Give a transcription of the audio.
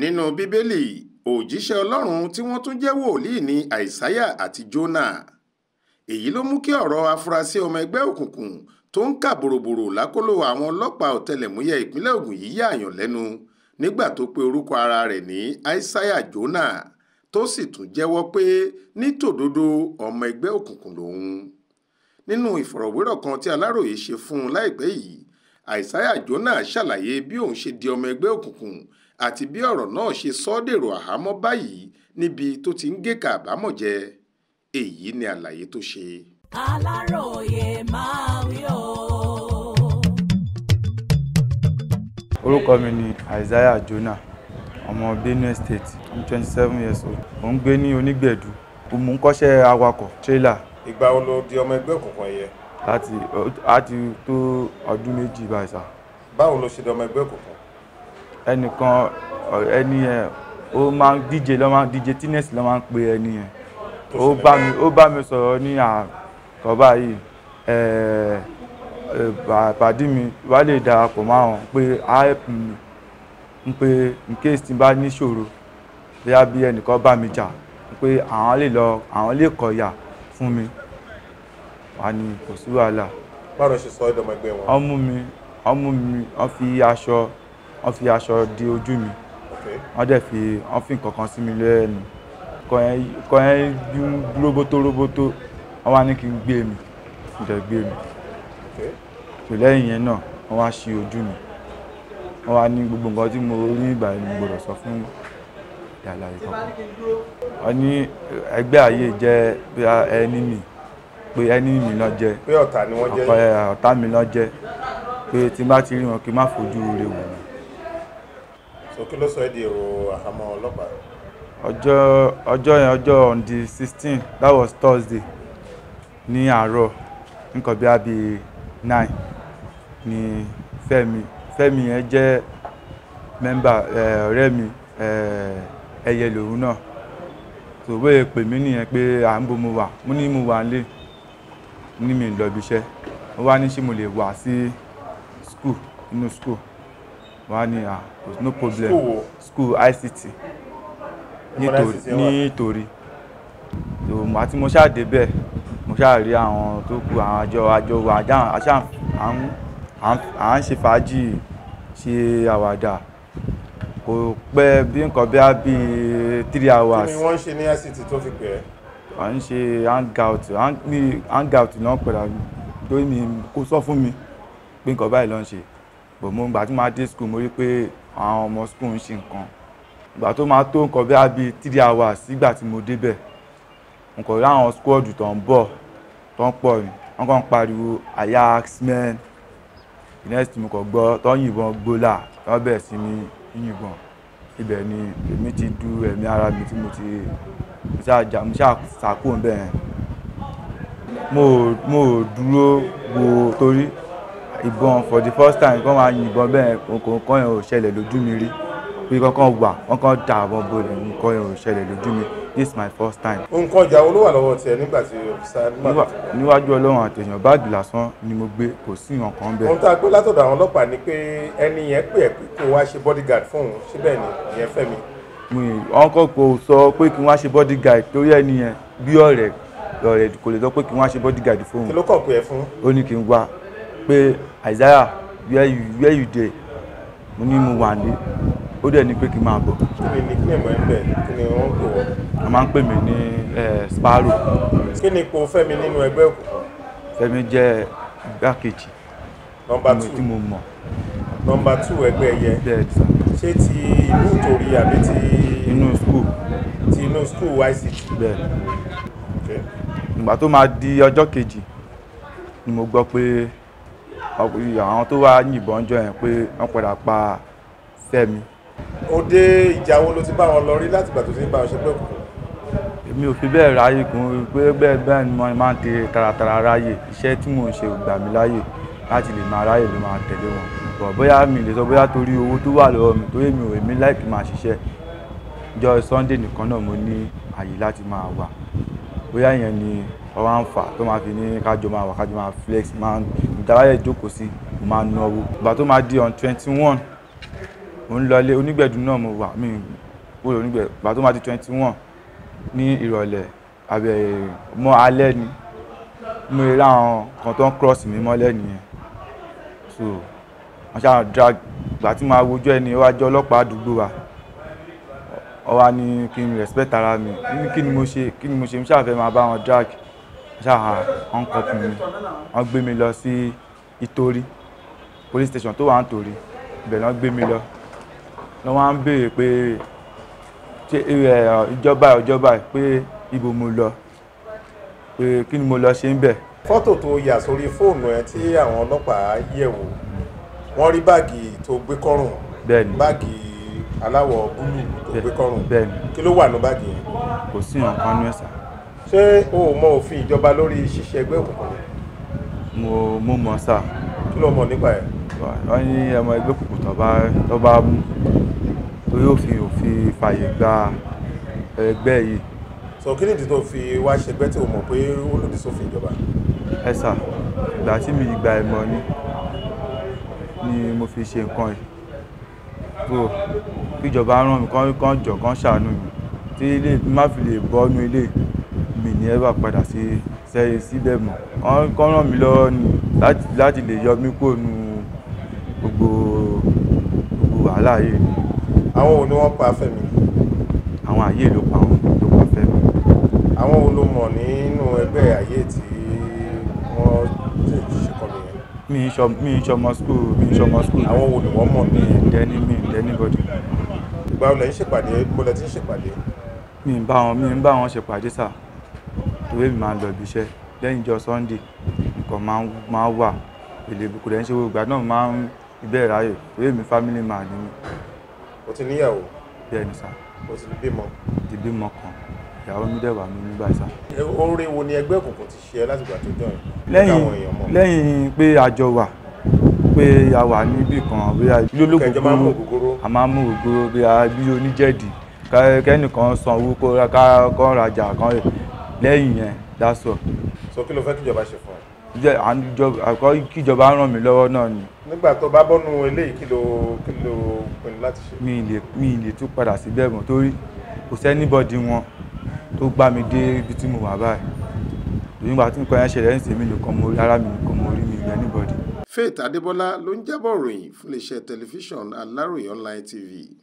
nínú bíbélì òjíṣẹ́ ọlọ́run tí wọ́n tún jẹ́ wòlíì ní àìsáyà àti jónà èyí ló mú kí ọ̀rọ̀ afurasí ọmọ ẹgbẹ́ òkùnkùn tó ń kà bòròbòrò lákòlò àwọn ọlọ́pàá ọ̀tẹlẹ̀múyẹ́ ìpínlẹ̀ Ògùn yìí yààyàn lẹ́nu nígbà tó pe orúkọ ara rẹ̀ ní àìsáyà jónà tó sì tún jẹ́wọ́ pé ní tòdodo ọmọ ẹgbẹ́ òkùnkùn lòun nínú ìfọ̀rọ̀wérọ̀ kan tí Aláròyé ṣe fún un láìpẹ́ yìí Isaiah Jonah ṣàlàyé bí òun ṣe di ọmọ ẹgbẹ́ òkùnkùn àti bí ọ̀rọ̀ náà ṣe sọ dèrò àhámọ́ báyìí níbi tó ti ń gé kàbámọ̀ jẹ èyí ni àlàyé tó ṣe. Aláròye máa wí o. orúkọ mi ni Isaiah Jonah ọmọ Benue State i'm twenty seven years old mo ń gbé ní onígbẹ̀dù mo ń kọ́ṣẹ́ awakọ̀ tírélà. ìgbà wo lo di ọmọ ẹgbẹ́ òkùnkùn yẹn láti láti tó ọdún méjì báyìí sá. báwo ló ṣe di ọmọ ẹgbẹ́ òkùnkùn. ẹnìkan ẹni yẹn ó máa ń díje lọ́ máa ń díje tínẹ́sì lọ́ máa ń pe ẹni yẹn ó bá mi ó bá mi sọ̀rọ̀ ní àkọ́ báyìí pàdí mi wá lè darapọ̀ máa hàn pé á help mi n pé in case tí n bá níṣòro bí ẹnìkan bá mi jà pé àwọn lè lọ àwọn lè kọ̀yà fún mi wà ní kò sí wàhálà. báwo ṣe sọ ẹ̀dọ̀ ọmọ ẹgbẹ́ wọn. ọmú mi ọmú mi wọ́n fi aṣọ wọ́n fi aṣọ di ojú mi wọ́n dẹ̀ fi wọ́n fi nǹkan kan sí mi lẹ́nu kọ́ ẹ́ róbótó róbótó wọ́n wá ní kí n gbé mi kí n dẹ̀ gbé mi tò lẹ́yìn yẹn náà wọ́n wá ṣí ojú mi wọ́n wá ní gbogbo nǹkan tí mo rí ìgbà yẹn mo gbọ́dọ̀ sọ fún ìdàlàyé kankan wọ́n ní ẹgbẹ́ ààyè jẹ́ ẹni mi pe ẹni mi lọ jẹ pe ọ̀tá ni wọ́n mi lọ jẹ tí n ti rí wọn kí n má fojú wò so kí ló sọ èrò that was Thursday ní àárọ̀ nǹkan bí abi nine ni femi Fẹ́mi yẹn jẹ́ mẹ́mbà ọ̀rẹ́ mi ẹ̀yẹ lòun náà tòwé pè nìyẹn pé à ń ní mi lọ ibi iṣẹ́ ó wá ní ṣé mo lè wá sí school inú school wá ní no problem school ICT nítorí nítorí àti mo ṣáà débẹ̀ mo ṣáà rí àwọn tó kù àwọn àjọ àjọ wa àṣà à ń ṣe fàájì ṣe àwàdà kò pẹ́ bí nǹkan bí a bíi three hours. kí ni wọ́n ń ṣe ní ICT tó fi pè é à ń ṣe hangout ní hangout náà padà lórí mi kó sọ fún mi pé nǹkan báyìí ló ń ṣe bò mo gbà tí máa dé school mo rí pé àwọn ọmọ school ń ṣe nǹkan ìgbà tó máa tó nǹkan bí abi three hours sígbà tí mo débẹ̀ nǹkan rí àwọn squad tó ń bọ̀ tó ń pọ̀ rìn wọ́n kàn ń pariwo Ajax men next mo kàn gbọ́ tó ń yìnbọn gbólà tó ń bẹ̀rẹ̀ sí ní yìnbọn ibẹ̀ ni èmi ti du ẹ̀mí ara mi tí mo ti mo ṣáà sàkóhùn bẹ́ẹ̀ mo mo dúró wo torí ìbọn for the first time kọ́ máa yìnbọn bẹ́ẹ̀ nǹkan yẹn ò ṣẹlẹ̀ lójú mi rí pé kankan wà wọ́n kàn dà àwọn bolẹ̀ nǹkan yẹn ò ṣẹlẹ̀ lójú mi this is my first time. nǹkan ọjà wo ló wà lọ́wọ́ tiẹ̀ nígbà tí ọ̀sá nígbà tí. níwájú ọlọ́run àtẹ̀yàn báàgì lásán ni mo gbé kò sí nǹkan bẹ́ẹ̀. ohun tá a gbé látọ̀dọ̀ àwọn ọlọ́pàá ni pé ẹni yẹn pè é kó wá ṣe bodyguard fún síbẹ̀ ni ìyẹn fẹ́ mi wọn kọ kò sọ pé kí wọn ṣe body guide torí ẹni yẹn bí ọ̀rẹ́ ọ̀rẹ́ kò lè sọ pé kí wọn ṣe body guide fóun. kí ló kọ̀ pé ẹ fún. ó ní kí n wá pé Isaiah where you where you dey mo ní mo wà ní ó dẹ̀ ní pé kí n máa bọ̀. kí ni nickname ẹ ń bẹ̀ kí ni wọ́n ń pè wọ́n. a máa ń pè mí ní Sparrow. kí ni ipò Fẹ́mi nínú ẹgbẹ́ òkùnkùn. Fẹ́mi jẹ́ igbákejì tí mo mọ̀ nọmba two ẹgbẹ́ ẹ̀yẹ ṣé ti ìlú ìtòrí àbí ti inú school ti inú school ICT. bẹ́ẹ̀ ìgbà tó máa di ọjọ́ kejì ni mo gbọ́ pé àwọn tó wá yìnbọn jọ yẹn pé wọ́n padà pa Fẹ́mi. òde ìjà wo ló ti bá wọn lọ rí láti ìgbà tó ti ń bá wọn ṣe pé èmi ò fi bẹ́ẹ̀ ráyè kún pé bẹ́ẹ̀ bẹ́ẹ̀ ni mo máa ń tẹ taratara ráyè iṣẹ́ tí mò ń ṣe gbà mí láyè láti lè máa ráyè ló máa tẹ̀lé wọn bọ̀ bóyá mi lè sọ bóyá torí owó tó wà lọ́wọ́ mi torí mi ò èmi láìpẹ́ máa ṣiṣẹ́ jọ Sunday nìkan náà mo ní àyè láti máa wà bóyá ìyẹn ni ọwọ́ à ń fà tó máa fi ní kájọ máa wà kájọ máa flex máa ìdáráyè jókòó sí mo máa náwó ìgbà tó máa di on twenty one mo ń lọlé onígbẹ̀dù náà mo wà mí kúrò onígbẹ̀dù ìgbà tó máa di twenty one ní ìrọ̀lẹ́ àbẹ̀ mọ́ alẹ́ ni mo rí ra àwọn kan tó ń cross mi mọ́lẹ̀ nìyẹn so wọ́n ṣáà drag ìgbà tí màá wojú ẹni ó wá jẹ́ ọlọ́pàá àdúgbò wa ó wá ní kí n respect ara mi ní kí ni mo ṣe kí ni mo ṣe mo ṣáà fẹ́ máa bá wọn drag ah, wọ́n ṣáà wọ́n kọkùn mi wọ́n gbé mi lọ sí ìtorí police station tó wà ń torí ibẹ̀ lọ́n gbé mi lọ lọ́n wá ń béèrè pé ìjọba ìjọba pé ibo mo lọ pé kí ni mo lọ ṣe ń bẹ̀. fọ́tò tó yà sórí fóònù ẹ tí àwọn ọlọ́pàá yẹ̀ wò wọ́n rí báàgì tó gbé kọ́rùn bẹ́ẹ̀ni báàgì aláwọ̀ búlù tó gbé kọ́rùn bẹ́ẹ̀ni kí ló wà ní báàgì yẹn. kò sí nǹkan nú ẹ̀sà. ṣé o mọ òfin ìjọba lórí ṣíṣe ẹgbẹ́ òkùnkùn? mo mo mọ sá. kí ló mọ nípa ẹ̀. wọ́n ní ọmọ ẹgbẹ́ òkùnkùn tó bá tó bá mú torí òfin òfin fàyè gba ẹgbẹ́ yìí so kí nìdí tó fi wá ṣẹgbẹ́ tí o mọ̀ pé ó lòdì sófin ìjọba. ẹ sà ìgbà tí mi gba ìmọ̀ ni ni mo fi ṣe nǹkan yìí tó kíjọba ràn mí kán kán jọ kán ṣàánú mi tí ilé má fi lè bọ́nú ilé mi ní ẹ bá padà sí sẹ́yìn síbẹ̀ mọ́ kán ràn mí lọ́wọ́ ni láti lè yọ mí kúrò nù gbogbo gbogbo wàhálà yìí. àwọn wo ni wọ́n pa Fẹ́mi. àwọn àyè ló pa wọn àwọn olùmọ̀ nínú ẹgbẹ́ ayé tí wọ́n ti ṣekọ̀ yẹn. mi n ṣọ mi n ṣọmọ school mi n ṣọmọ school. àwọn olùwọ́n mọ̀ mi. mi n mi n dẹ́ni bọ́dì. ìgbà wo lẹ́yìn ṣèpàdé bó lẹ ti ń ṣèpàdé. mi n bá wọn mi n bá wọn ṣèpàdé sà torí mi máa lọ ibi iṣẹ́ lẹ́yìn ìjọ sunday nǹkan máa wà èlé kò dẹ̀ ń ṣe gbogbo àdán máa ń ibẹ̀ ráyè torí mi family man ni mi. o ti níyàwó. bẹ́ẹ̀ ni o ti bímọ. ti bímọ ìyàwó mi dẹ̀ wà mí nígbà sá. oore wo ni ẹgbẹ́ òkùnkùn ti ṣe láti gbà tó jọyìn. lẹ́yìn lẹ́yìn pé àjọ wà pé a wà níbì kan bóyá ilé olókùnkùn a máa mú ògoro bóyá bí oníjẹ̀dì kẹ́nìkan san owó kó kọ́ rajà kan lẹ́yìn yẹn dáṣọ. sọ kí ló fẹ́ kíjọba ṣe fún ọ jẹ àkọ kíjọba ràn mí lọ́wọ́ náà ni. nígbà tó bá bọ́nu eléyìí kí ló kí ló pinnu láti ṣe. mi lè mi lè tún padà síbẹ̀ mọ́ torí kò sẹ́nibọ̀dì wọn tó gbá mi dé ibi tí mo wà báyìí lóyún tí nǹkan yẹn ṣẹlẹ̀ ẹ̀sìn mi nìkan mo rí ara mi nìkan mo rí mi ìgbẹ́ anybody. Faith Adébọlá ló ń jábọ̀ ròyìn fún iléeṣẹ́ tẹlifíṣàn Aláròyé online tv.